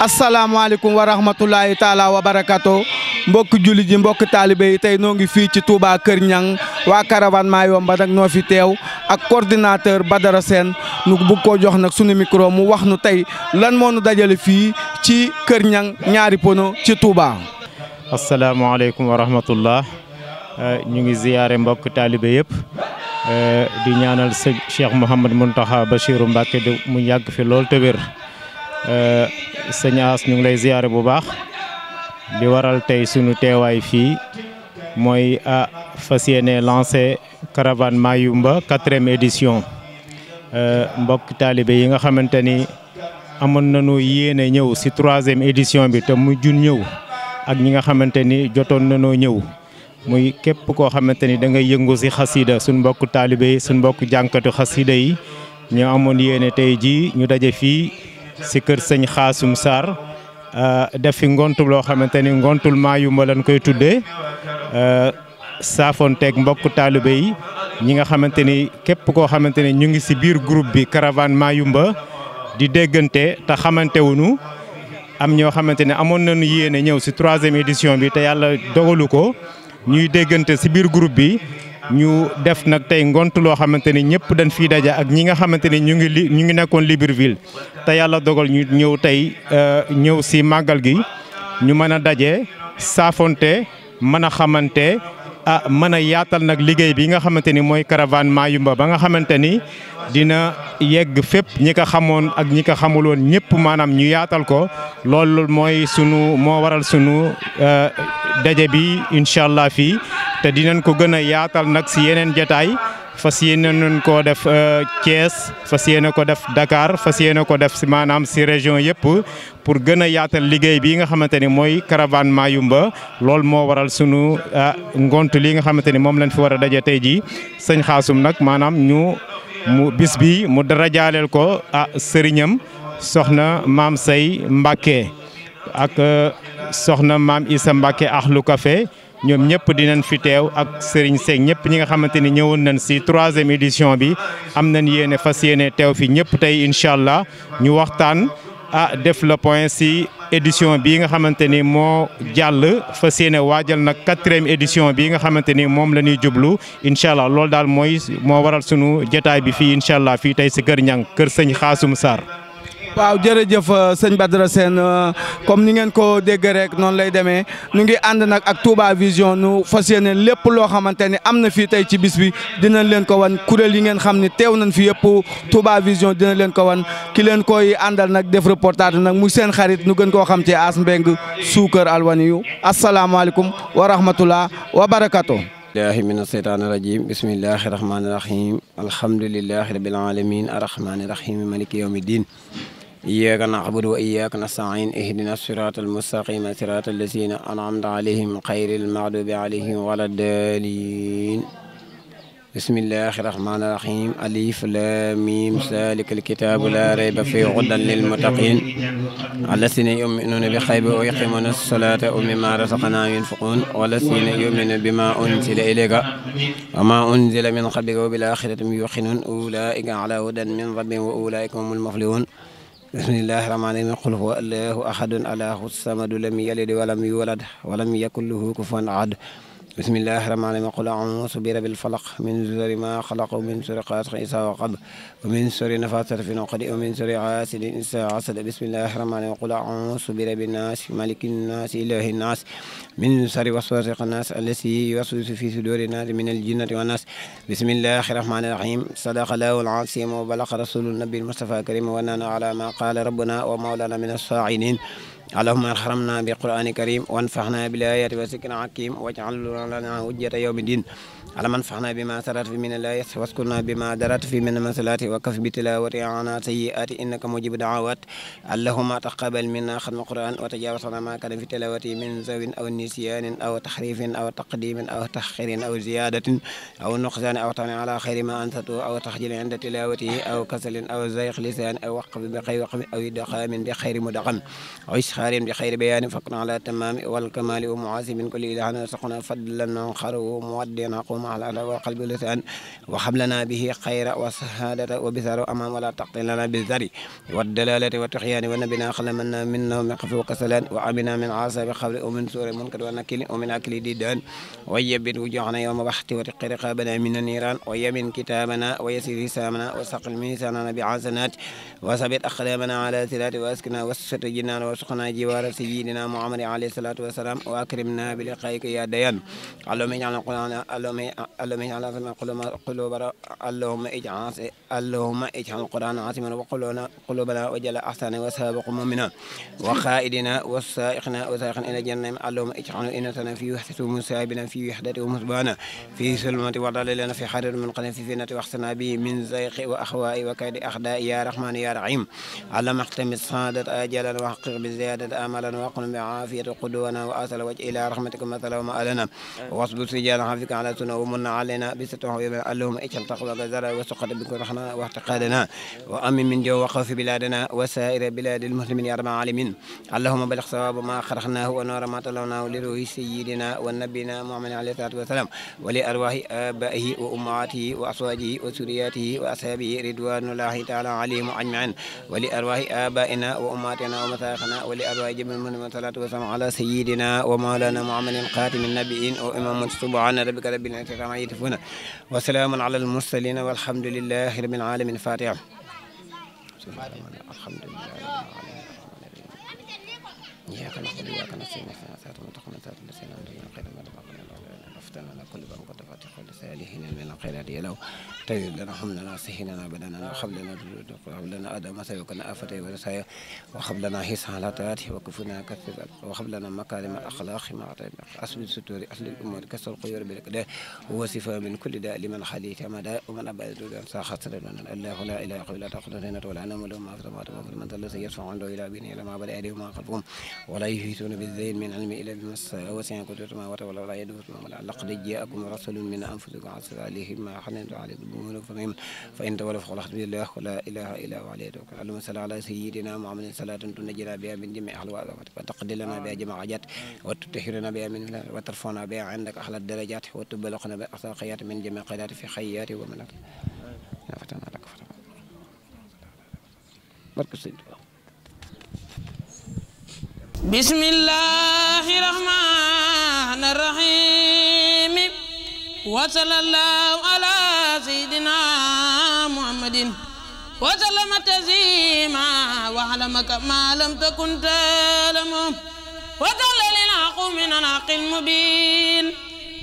asalaamaaleykum wa rahmatulahi taala wa barakato mbokk julli yi mbokk taalibe yi tey noo ngi fii ci Touba Kër Ñang waa Caravane Mayumba nag noo fi teew ak coordinateur Badara Sène nu bëgg koo jox nag sunu micro mu wax nu tey lan moo nu dajale fii ci Kër Ñang ñaari pono ci Touba. asalaamaaleykum wa rahmatullah euh, ñu ngi ziyaare mbokk taalibe yëpp euh, di ñaanal sëñ Cheikh Mouhamad Mountakha Bachirou Mbacké mu yàgg fi lool te wér Euh, sëñ As ñu ngi lay ziyaare bu baax bi waral tey suñu teewaay fii mooy a fas yéene lancé caravane Mayumba quatrième édition euh, mbokk taalibe yi nga xamante ni amoon nañu yéene ñëw si troisième édition bi te mu jun ñëw ak ñi nga xamante ni jotoon nañoo ñëw muy képp koo xamante ni da ngay yëngu si xasida suñ mbokk taalibe yi suñ mbokk jànkatu xasida yi ñu amoon yéene tey jii ñu daje fii si kër sëñ Xaasum Sarr euh, def fi ngontu loo xamante ni ngontul Mayumba lañ koy tuddee euh, saafonteeg mbokk taalibe yi ñi nga xamante ni képp koo xamante ni ñu ngi si biir groupe bi caravane Mayumba di déggante te xamante wuñu am ñoo xamante ni amoon na nañu yéene ñëw si troisième édition bi te yàlla dogalu ko ñuy déggante si biir groupe bi. ñu def nag tey ngont loo xamante ni ñëpp dañ fii daje ak ñi nga xamante ni ñu ngi li ñu ngi nekkoon Libreville te yàlla dogal ñu ñëw tey euh, ñëw si màggal gi ñu mën a daje saafonte mën a xamante a mën a yaatal nag liggéey bi nga xamante ni mooy caravane Mayumba ba nga xamante ni dina yegg fépp ñi ko xamoon ak ñi ko xamuloon ñëpp maanaam ñu yaatal ko loolu mooy sunu moo waral sunu. Euh, daje bi incha allah fii te dinañ ko gën a yaatal nag si yeneen jataay fas yéene nañ koo def euh, Thiès fas yéene ko def Dakar fas yéene ko def si maanaam si région yëpp pour gën a yaatal liggéey bi nga xamante ni mooy caravane Mayumba loolu moo waral sunu euh, ngont li nga xamante ni moom lañ fi war a daje tey jii sëñ Xaasum nag maanaam ñu mu bis bi mu dara jaaleel ko ah sëriñam soxna maam say Mbàkke ak euh, soxna maam Issa Mbacke Ahlou Café ñoom ñëpp dinañ fi teew ak Serigne Seck ñëpp ñi nga xamante ni ñëwoon nañ si troisième édition bi am nañ yéene fas yéene teew fi ñëpp tey incha allah ñu waxtaan ah def le point ci édition bii nga xamante ni moo jàll fas yéene waajal nag quatrième édition bii nga xamante ni moom la ñuy jublu incha allah loolu daal mooy moo waral sunu jotaay bi fii incha allah fii tey si kër ñang kër sëñ Xaasum Sarr waaw jërëjëf euh, sëñ Badara Sène euh, comme ni ngeen ko dégg rek noonu lay demee ñu ngi ànd nag ak Touba Vision nu fas yéene lépp loo xamante ne am na fii tey ci bis bi dinañ leen ko wan kuréel yi ngeen xam ne teew nañ fi yëpp Touba Vision dina leen ko wan ki leen koy àndal nag def reportage nag mu seen xarit nu gën koo xam ci Ass Mbeng Suukar Alwaniyu asalaamaaleykum wa rahmatullah wa barakaatu. billahi min aseytaani rajim bismillahi rahmaani rahim alhamdulilahi rabil alamin arrahmaani rahim maliki yawmi din إياك نعبد وإياك نستعين اهدنا الصراط المستقيم صراط الذين أنعمت عليهم خير المغضوب عليهم ولا الضالين بسم الله الرحمن الرحيم ألف لام ذلك الكتاب لا ريب فيه هدى للمتقين الذين يؤمنون بالغيب ويقيمون الصلاة ومما رزقناهم ينفقون والذين يؤمنون بما أنزل إليك وما أنزل من قبلك وبالآخرة هم يوقنون أولئك على هدى من ربهم وأولئك هم المفلحون bismillahi rahmaani rahim qul huwa allahu ahadun allahu samadu lam yalid walam yulad walam yakun lahu kufuwan ahad bismillahi rahmaani rahiim qul a'uuzu bi rabbil falaq min sharri maa xalaq wa min sharri gaasiqin izaa waqab wa min sharri nafaasaati fil uqad wa min sharri haasidin izaa hasad bismillahi rahmaani rahiim qul a'uuzu bi rabbin naas malikin naas ilaahin naas min sharri waswaasil xannaas allazii yuwaswisu fii suduurin naas minal jinnati wan naas bismillahi rahmaani rahiim sadaqa laahul aziim wa balaqa rasuulun nabiyul mustafaa kariim wa nahnu alaa maa qaala rabbunaa wa mawlaanaa mina shaahidiin allahumma arhamna bi qur'ani karim wanfaxna bil ayati wa zikri hakim waj'al lana hujjata yawmi din على من فعنا بما سرت في من الآيات واسكننا بما درت في من المسلات وكف بتلاوة عنا سيئات إنك مجيب دعوات اللهم تقبل منا ختم القرآن وتجاوزنا ما كان في تلاوته من زو أو نسيان أو تحريف أو تقديم أو تأخير أو زيادة أو نقصان أو طعن على خير ما أنسته أو تخجل عند تلاوته أو كسل أو زيغ لسان أو وقف بخير وقف أو دخام بخير مدغم أو إسخار بخير بيان فقنا على التمام والكمال ومعاسب كل إلهنا سقنا فضلا خره مودنا قوم ma al ada wa qalbi lisan wa hablana bihi khayra wa sahadata wa bisara amam wala taqtilana bi zari wa dalalati wa tuhyani wa nabina khalamanna minna min khafi wa kasalan wa amina min asabi khabri wa min suri munkar wa nakili wa min akli didan wa yabbit wujuhana yawma bahti wa tiqi riqabana min an-niran wa yamin kitabana wa yasir hisamana wa saqil misanana bi hasanat wa sabit aqlamana ala sirati wa askina wasfat jinana wa suqna jiwara sayyidina muhammad alayhi salatu wa salam wa akrimna bi liqaika ya dayan اللهم اجعل القرآن اللهم اللهم اجعل عاصما قلوبنا اللهم اجعل اللهم اجعل القرآن عاصما وقلوبنا قلوبنا وجل أحسن وسابق مؤمنا وقائدنا وسائقنا وسائقنا إلى جنة اللهم اجعل إنتنا في وحدة مسايبنا في وحدة ومسبانا في سلمة وضللنا في حرر من قلب في فينة واحسنا به من زيق وأخواء وكيد أخداء يا رحمن يا رحيم اللهم اختم الصادة آجلا وحقق بزيادة آملا وقل بعافية قدونا وأسل وجه إلى رحمتك مثلا وما ألنا واصبر سجال عافيك على سنو ومن علينا بستره ويبقى اللهم اجعل تقوى جزرا وسقط بك رحمة واعتقادنا وأمن من جو وخوف بلادنا وسائر بلاد المسلمين يا رب العالمين اللهم بلغ ثواب ما خرخناه ونور ما طلعناه لروح سيدنا ونبينا محمد عليه الصلاة والسلام ولأرواح آبائه وأمهاته وأصواته وسرياته وأصحابه رضوان الله تعالى عليهم أجمعين ولأرواح آبائنا وأمهاتنا ومساخنا ولأرواح جميع المسلمين والصلاة والسلام على سيدنا ومولانا محمد خاتم النبيين وإمام سبحان ربك رب العزة في ما يتفون وسلام على المرسلين والحمد لله رب العالمين الفاتحة الحمد لله رب العالمين إياك نعبد وإياك نستعين اهدنا الصراط المستقيم صراط الذين أنعمت لصالحنا من الخيرات يلو طيب لنا حملنا سهلنا بدنا وخب لنا وخب لنا أدم سيكون آفة ورسايا وخب لنا حس على طاعته وكفنا كثر وخب لنا مكارم الأخلاق مع طيب أصل الستور أصل الأمور كسر القيور بالقدر وصفة من كل داء لمن خليت مدى ومن أبعد عن ساخت لنا الله لا إله إلا تأخذ لنا ولا نوم له ما في السماوات وما في الأرض الذي يرفع عنده إلى بين إلى ما بل أيديهم وما خلفهم ولا يحيطون بالذين من علم إلا بما وسع كتب ما وتولى ولا يدور ولا لقد جاءكم رسول من anfusikum wa alayhim ma xanantum alaykum bi mu fa ngeen fa in tawalaw faqul hasbiyallah wa la ilaha illa huwa alayhi tawakkal allahumma salli ala sayyidina muhammadin salatan tunajjina biha min jami'i ahwal wa taqdi lana biha jami'a hajat wa tutahhiruna biha min wa tarfa'una biha 'indak ahla darajat wa tuballighuna biha aqsa khayat min jami'i khayrat fi khayati wa manat fatana lak fatana barke Sëñ Tuubaa bismillahir rahman وصلى الله على سيدنا محمد وسلم تسليما وعلمك ما لم تكن تعلم وجعل للحق من الحق المبين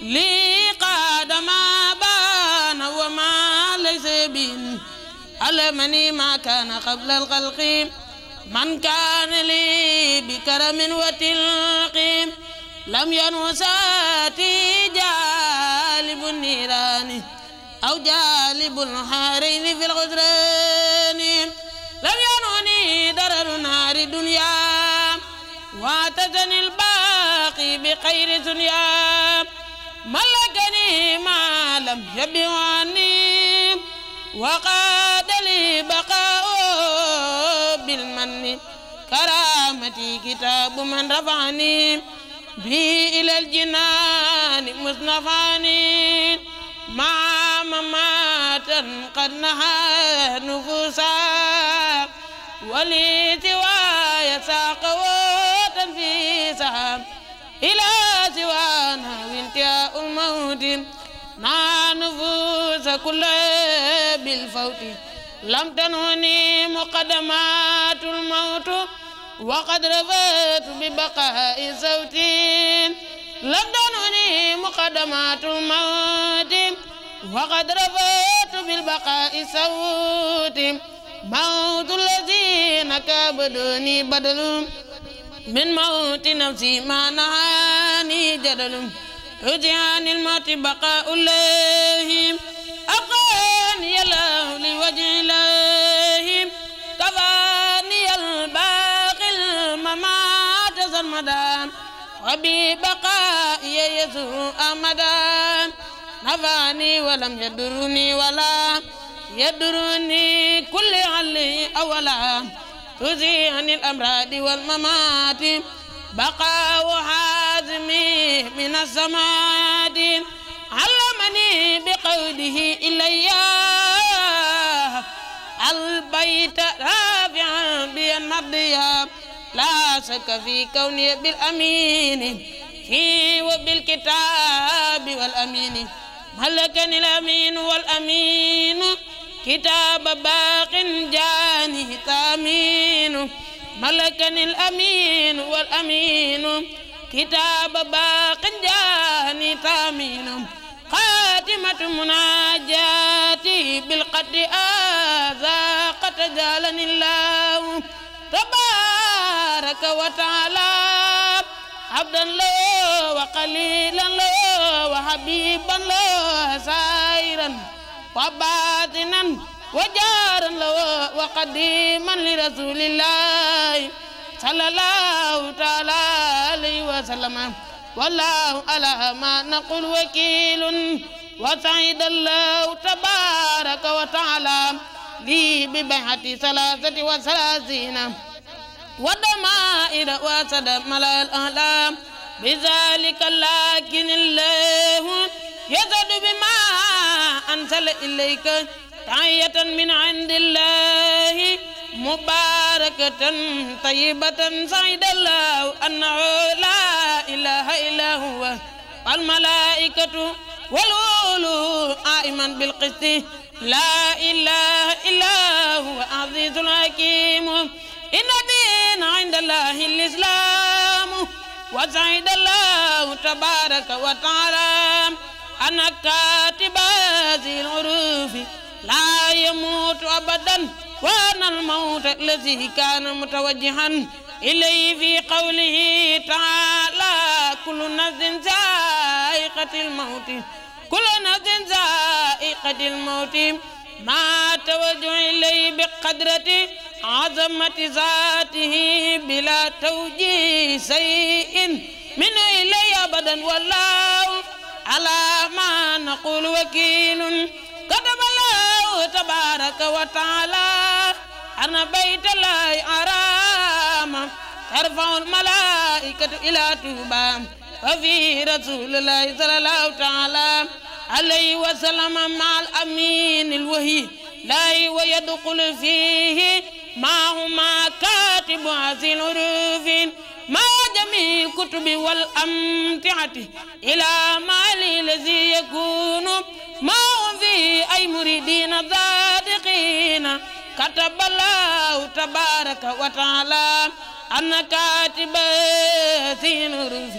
لي قاد ما بان وما ليس بين علمني ما كان قبل الخلق من كان لي بكرم وتلقيم لم ينسى تجاه النيران أو جالب الحارين في الغدران لم ينعني درر نار دنيا واتتني الباقي بخير دنيا ملكني ما لم يبه عني وقاد لي بقاء بالمن كرامتي كتاب من رفعني به إلى الجنان مصنفاني مع مماتا قد نهى نفوسا ولتواي ساق وتنفيسا إلى سوانا وانتهاء الموت مع نفوس كل بالفوت لم تنهني مقدمات الموت وقد رفعت ببقاء صوتي لدنني مقدمات الموت وقد رفعت بالبقاء صوتي موت الذين كابدوني بدل من موت نفسي ما نهاني جدل رجعان الموت بقاء الله وببقائي يسوع أمدا نفعني ولم يدرني ولا يدرني كل علي أولا تزيعني عن الأمراض والممات بقاء حازمي من السماد علمني بقوله إلي البيت رافعا بي المرضية لا شك في كوني بالأمين في وبالكتاب والأمين ملكني الأمين والأمين كتاب باق جانه تامين ملكني الأمين والأمين كتاب باق جاني تامين خاتمة مناجاتي بالقد آذى قد جالني الله تبارك تبارك وتعالى عبدا له وقليلا له وحبيبا له سائرا وباطنا وجارا له وقديما لرسول الله صلى الله تعالى عليه وسلم والله على ما نقول وكيل وسعيد الله تبارك وتعالى لي ببحث ثلاثة وثلاثين والدمائر وسدمل الأعلام بذلك لكن الله يزد بما أنزل إليك تعية من عند الله مباركة طيبة سعيد الله أنه لا إله إلا هو الملائكة والأولو آئما بالقسط لا إله إلا هو عزيز حكيم إن في inda Allahi al-islaam wa sa'ida Allahu tabaaraka wa ta'aala ana kaatiba haadihi al-uruufi laa yamuutu abadan wa ana al-mawta allazii kaana mutawajjihan ilayhi fii qawlihi ta'aalaa kullu nafsin zaa'iqatul mawti kullu nafsin zaa'iqatul mawti maa tawajjaha ilayhi bi qadratin عظمة ذاته بلا توجيه شيء من إلي أبدا والله على ما نقول وكيل كتب الله تبارك وتعالى أن بيت الله أرام ترفع الملائكة إلى توبة وفي رسول الله صلى الله تعالى عليه وسلم مع الأمين الوهي لا ويدخل فيه معهما كاتب هذه الحروف مع جميع كتب والأمتعة إلى مالي الذي يكون معهم فيه أي مريدين صادقين كتب الله تبارك وتعالى أن كاتب هذه الحروف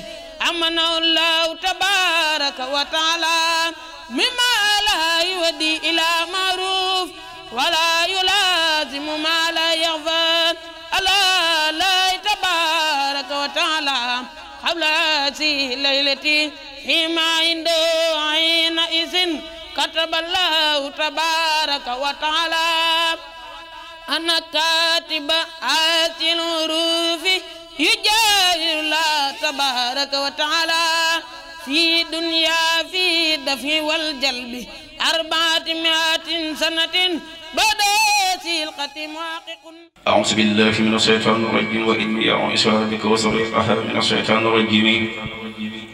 أمنه الله تبارك وتعالى مما لا يودي إلى معروف ولا يلازم ما لا يغفى ألا لا تبارك وتعالى قبل هذه الليلة فيما عنده حينئذ كتب الله تبارك وتعالى أنا كاتب هذه الحروف يجاهر الله تبارك وتعالى في دنيا في دفع والجلب أربعة مائة سنة بدا سلقة محقق أعوذ بالله من الشيطان الرجيم وإني أعوذ بك وسريقها من الشيطان الرجيم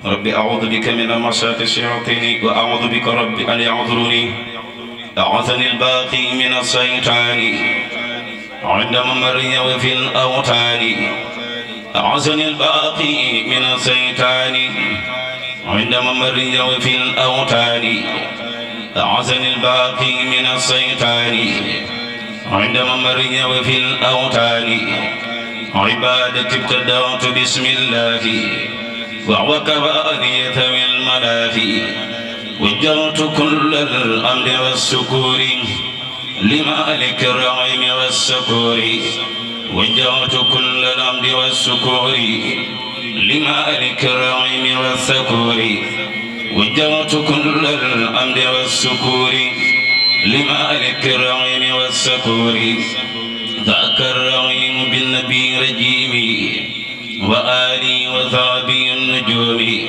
رب أعوذ بك من مشاة الشياطين وأعوذ بك رب أن يعذرني أعوذني الباقي من الشيطان عند ممري وفي الأوتان أعوذني الباقي من الشيطان عند ممري وفي الأوتان عزل الباقي من السيطان عند ممري وفي الأوتان عبادة ابتدعت بسم الله وعوكب أذية المنافي وجرت كل الأمر والسكور لمالك الرعيم والسكور وجرت كل الأمر والسكور لمالك الرعيم والسكور وجهت كل الأمر والسكور لمالك الرعين والسكور ذاك الرعين بالنبي رجيمي وآلي وثابي النجوم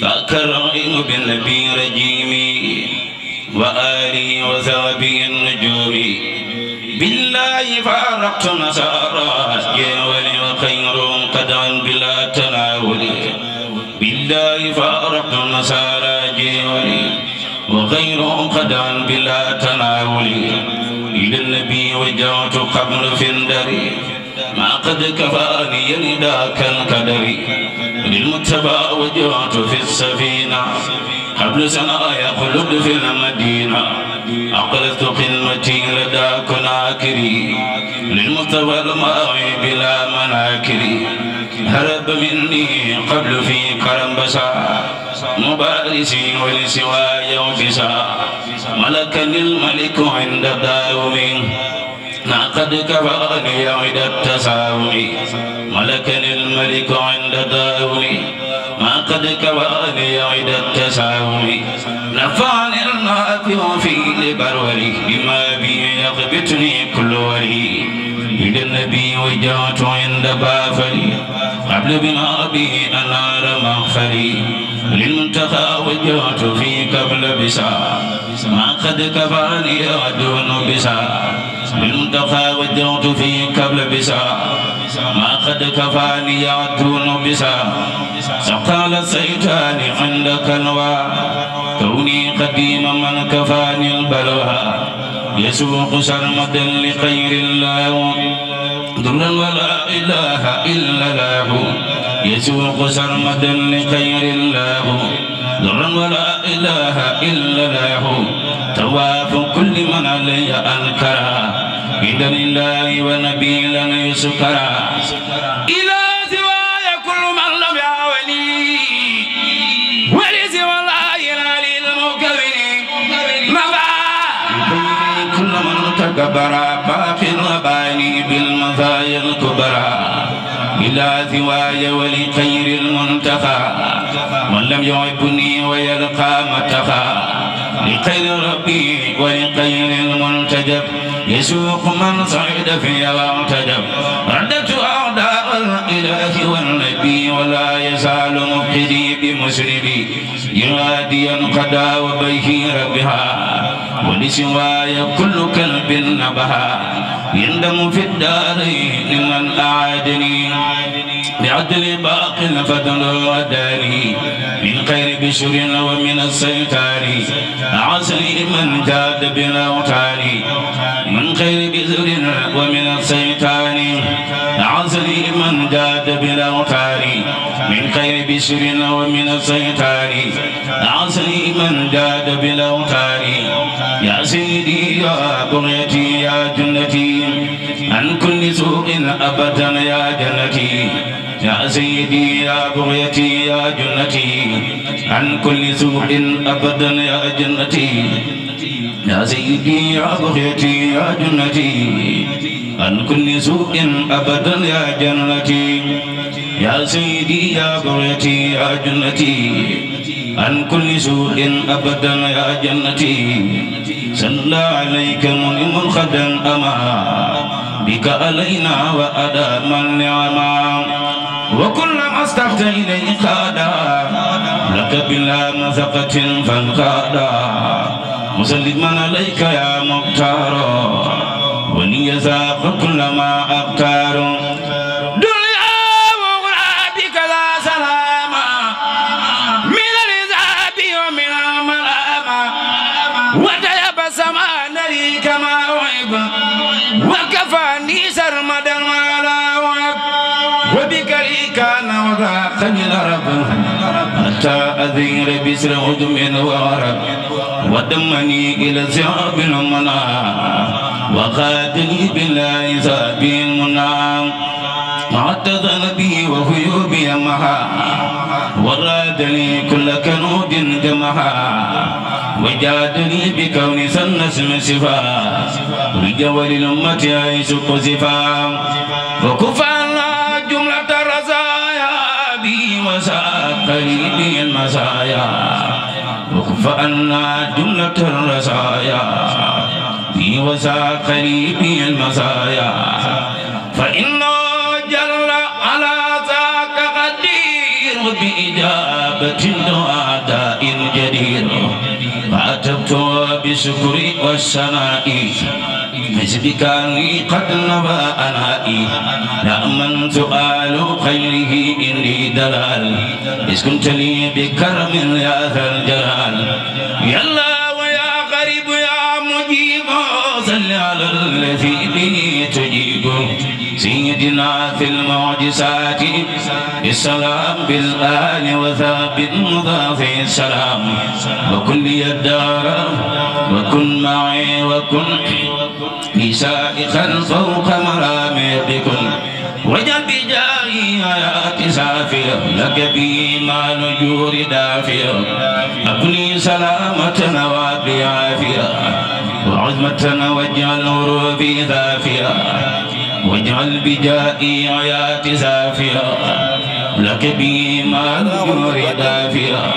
ذاك الرعين بالنبي رجيمي وآلي وثابي النجوم بالله فارقت نصارى جاولي وخير قدعا بلا تناول بالله فأردت النصارى جيولي وغيرهم قدعا بلا تناول إلى النبي وجعت قبل فندري ما قد كفاني رداك القدر للمتبع وجعت في السفينة قبل سنة يخلد في المدينة أقلت قمتي لدى كناكري للمستوى الماوي بلا مناكري هرب مني قبل في بسا مبارس ولسوى يوبسا ملكني الملك عند الدائم لقد كفاني عند التساوم ملكني الملك عند الدائم ما قد كفاني عند التساوم نفعني النافع في لبروري بما بي يغبطني كل ولي إلى النبي وجعت عند بافلي قبل بمغربه أنار مغفري للمنتخى وجعت في قبل بسا ما قد كفاني ودون بسا للمنتخى وجعت في قبل بسا ما قد كفاني ودون بسا سقال السيطان عندك نوى كوني قديم من كفاني البلوى يسوق سلمة لخير الله ذلا ولا إله إلا له يسوق سلمة لخير الله ذلا ولا إله إلا له تواف كل من علي أنكرا بدم الله ونبي لن يسكرا كبرى باق وباني بالمزايا الكبرى إلى ثواي ولخير المنتخى من لم يعبني ويلقى متخى لخير ربي ولخير المنتجب يسوق من صعد في واعتجب ردت أعداء الإله والنبي ولا يزال مبتدي بمسربي يناديا قدا وبيه ربها ولسواي كل كلب نبها يندم في الدارين من أعادني بعدل باق فتدل وداري من خير بشر ومن السيطار عسلي من جاد بالأوتار من خير بزر ومن السيطان عسلي من جاد بالأوتار من خير بشر ومن السيطان عصري من جاد بالاوتار يا سيدي يا بغيتي يا جنتي عن كل سوء ابدا يا جنتي يا سيدي يا بغيتي يا جنتي عن كل سوء ابدا يا جنتي يا سيدي يا بغيتي يا جنتي عن كل سوء ابدا يا جنتي يا سيدي يا قريتي يا جنتي عن كل سوء أبدا يا جنتي صلى عليك منعم الخدم أما بك علينا وأدام النعما وكلما استحت إليه خادا لك بلا مزقة فانقادا مسلما عليك يا مختار ونيزاق كلما أبتار وكفاني سرمدا على وعب وبك لي كان وضاقني الغرب حتى أذير بسر هجم وغرب ودمني إلى صعب المنى وخاتني بالله صابي المنى معتذن بي وخيوبي مها وراد لي كل كنود جمها وجادني بكون سنسم شفاء ولجول الأمة يشق زفاء وكفانا جملة الرزايا بي وساء قريبي المسايا وكفانا جملة الرزايا بي وساء قريبي المسايا فإنه جل على ذاك قدير بإجابة الدعاء والشكر والثناء بحسبك لي قد نبى أنائي لأمن سؤال خيره إني دلال إذ كنت لي بكرم يا ذا الجلال واتنا في المعجزات بالسلام بالآل وثابت مضاف السلام وكن لي الدار وكن معي وكن نسائخا فوق مرامقكن وجل بجاهي آيات سافية لك به ما نجور دافية أبني سلامة وابي عافية وعزمة واجعل نور في ذافية واجعل بجائي عيات زافرة لك به ما الأمر دافرة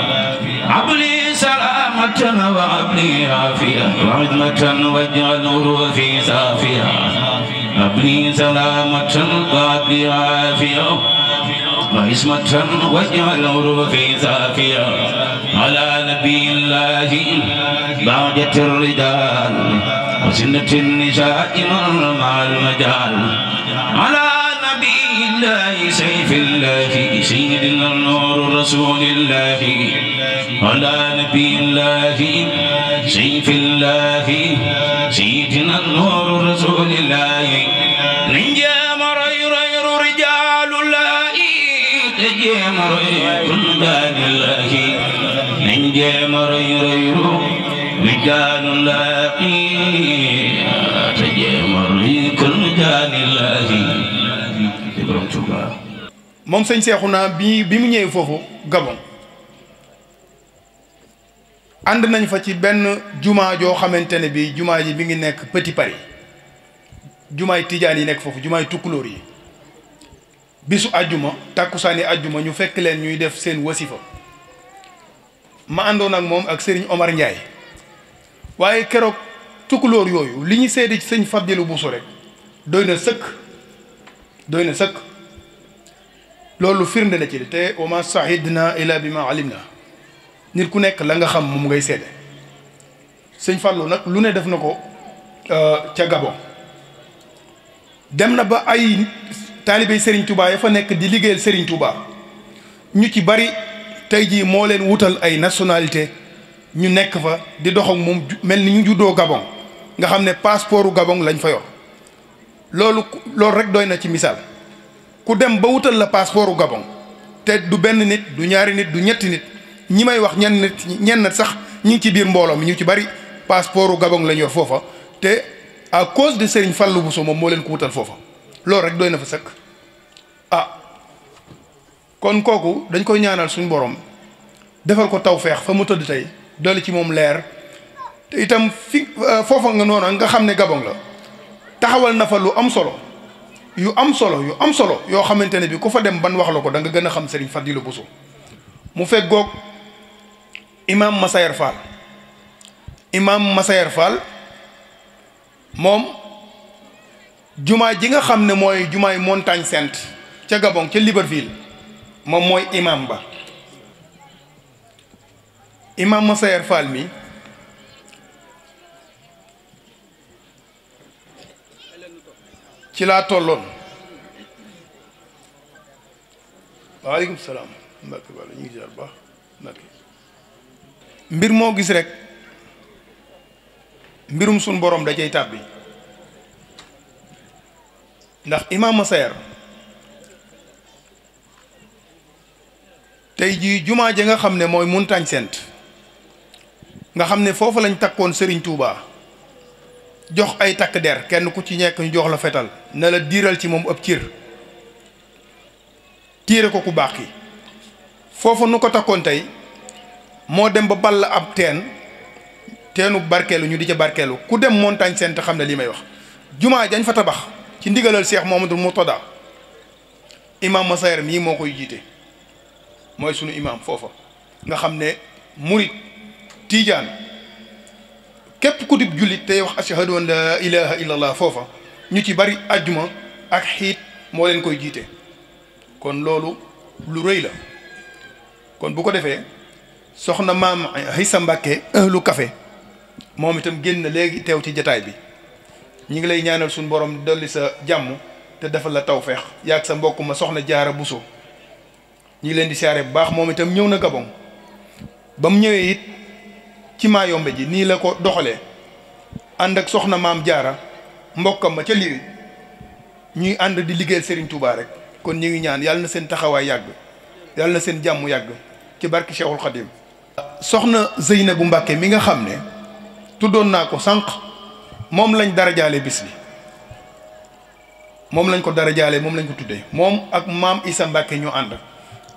عبلي سلامة وعبلي عافية وعزمة واجعل روحي صافية عبلي سلامة وعبلي عافية وعزمة واجعل روحي صافية على نبي الله بعدة الرجال وسنة النساء مع المجال على نبي الله سيف الله سيدنا النور رسول الله على نبي الله سيف الله سيدنا النور رسول الله نجا مرير رجال الله تجي مرير كل دان الله نجا مرير رجال لاقي تجمر كل moom sëñ Seexuna bi bi mu ñëwee foofu Gabon ànd nañ fa ci benn jumaa joo xamante ne bi jumaa ji bi ngi nekk Petit Paris jumaay tijaan yi nekk foofu jumaay tukkulóor yi bisu àjjuma tàkkusaani àjjuma ñu fekk leen ñuy def seen wasifa ma àndoon ak moom ak Serigne Omar Ndiaye waaye keroog tukulóor yooyu li ñu seede ci sëñ Fadilu Buso rek doy na sëkk doy na sëkk loolu firnde na ci te wa ma sahidna illa bi ma alim na nit ku nekk la nga xam moom ngay seede sëñ Fallou nag lu ne def na ko euh, ca Gabon dem na ba ay taalibe Serigne Touba ya fa nekk di liggéeyal Serigne Touba ñu ci bari tey jii moo leen wutal ay nationalité ñu nekk fa di dox ak moom mel ni ñu juddoo Gabon nga xam ne passeportu Gabon lañ fa yor loolu loolu rek doy na ci misaal ku dem ba wutal la passeportu Gabon te du benn nit du ñaari nit du ñetti nit ñi may wax ñenn nit ñenn sax ñi ngi ci biir mbooloo mi ñu ci bari passeportu Gabon lañ yor foofa te à cause de Serigne Fallou Bousso moom moo leen ko wutal foofa loolu rek doy na fa sëkk ah kon kooku dañ koy ñaanal suñu borom defal ko taw feex fa mu tëdd tey. doole ci moom leer te itam fi euh, foofa nga noonu nga xam ne Gabon la taxawal na fa lu am solo yu am solo yu am solo yoo xamante ne bi ku fa dem ban wax la ko da nga gën a xam Serigne Fadilou Bousso mu feggoog imaam Massayer Fall imaam Massayer Fall moom jumaa ji nga xam ne mooy jumaay Montagne Sainte ca Gabon ca Libreville moom mooy imaam ba ma Massayer Fall mi ci laa tolloon waaleykum salaam mbir moo gis rek mbirum suñ borom da cay tàbbi ndax imam Massayer tey jii jumaa ja nga xam ne mooy Montagne Sainte nga xam ne foofu lañ takkoon sëriñ Touba jox ay takk der kenn ku ci nekk ñu jox la fetal ne la diiral ci moom ab ciir tiire ko ku baax ki foofa nu ko takkoon tey moo dem ba la ab teen teenu barkeelu ñu di ca barkeelu ku dem montagne sent xam ne lii may wax jumaa jañ fa tabax ci ndigalal moom Cheikh Mouhamadoul Mourtada imam Massaer mii moo koy jiite mooy sunu imaam foofa nga xam ne murit tiijaan képp ku jullit tey wax ashhadu an laa ilaha illallah foofa ñu ci bari ajjuma ak xiit moo leen koy jiite kon loolu lu rëy la kon bu ko defee soxna maam sa Mbàkke ahlu kafe moom itam génn léegi teew ci jataay bi ñu ngi lay ñaanal suñu borom dolli sa jàmm te defal la tawfeex yaag sa mbokk ma soxna jaara buso ñi ngi leen di siyaare bu baax moom itam ñëw na Gabon ba mu ñëwee it ci maayombe ji nii la ko doxalee ànd ak soxna maam jaara mbokkam ma ca liwi ñuy ànd di liggéeyal Serigne Touba rek kon ñu ngi ñaan yàlla na seen taxawaay yàgg yàlla na seen jàmm yàgg ci barki Cheikhul Khadim soxna Zeynabu Mbàkke mi nga xam ne tuddoon naa ko sànq moom lañ darajaale bis bi moom lañ ko dara darajaale moom lañ ko tuddee moom ak maam isa Mbàkke ñoo ànd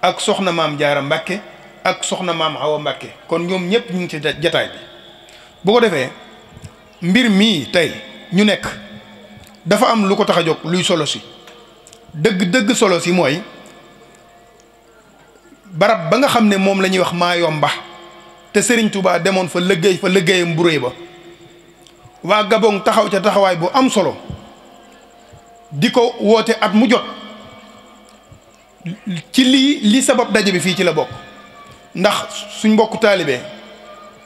ak soxna maam jaara Mbàkke ak soxna maam Awa Mbàkke kon ñoom ñëpp ñu ngi ci jataay bi bu ko defee mbir mii tey ñu nekk dafa am lu ko tax a jóg luy solo si dëgg dëgg solo si mooy barab ba nga xam ne moom la ñuy wax Maayomba te Serigne Touba demoon fa liggéey fa liggéeyam bu ba waa Gabon taxaw ca taxawaay bu am solo di ko woote at mu jot ci lii li sabab daje bi fii ci la bokk ndax suñ mbokku taalibe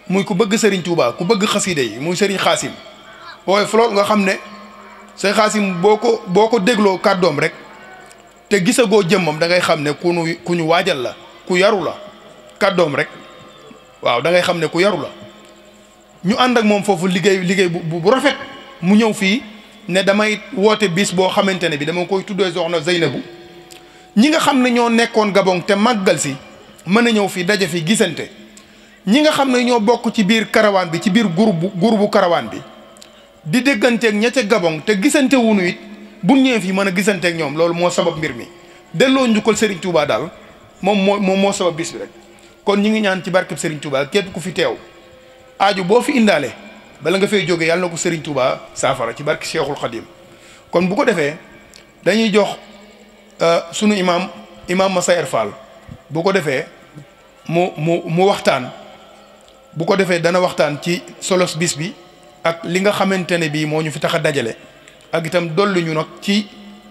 muy ku bëgg sëriñ Touba ku bëgg xasiide yi muy sëriñ xaasim waaye fu nga xam ne sëriñ xaasim boo ko boo ko dégloo kàddoom rek te gisagoo jëmmam da ngay xam ne ku nu ku ñu waajal la ku yaru la kàddoom rek waaw da ngay xam ne ku yaru la ñu ànd ak moom foofu liggéey liggéey bu bu rafet mu ñëw fii ne damay woote bis boo xamante ne bi dama koy tuddee soxna Zeynabu ñi nga xam ne ñoo nekkoon Gabon te màggal si mën a ñëw fii daje fi gisante ñi nga xam ne ñoo bokk ci biir karawaan bi ci biir groupe groupe karawaan bi di dégganteeg ña ca Gabon te gisante wunu it bu ñëwee fii mën a gisanteek ñoom loolu moo sabab mbir mi delloo njukkal Serigne Touba daal moom moo moom moo sabab bis bi rek kon ñu ngi ñaan ci barkeb Serigne Touba képp ku fi teew aaju boo fi indaale bala nga fay jóge yàlla na ko Serigne Touba saafara ci barke Cheikhul Khadim kon bu ko defee dañuy jox euh, sunu imaam imaam Massaer Fall bu ko defee. mu mu mu waxtaan bu ko defee dana waxtaan ci solos bis bi ak li nga xamante ne bii moo ñu fi tax dajale ak itam dolluñu nag ci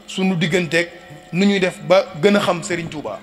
sunu digganteeg nu ñuy def ba gën a xam Serigne Touba.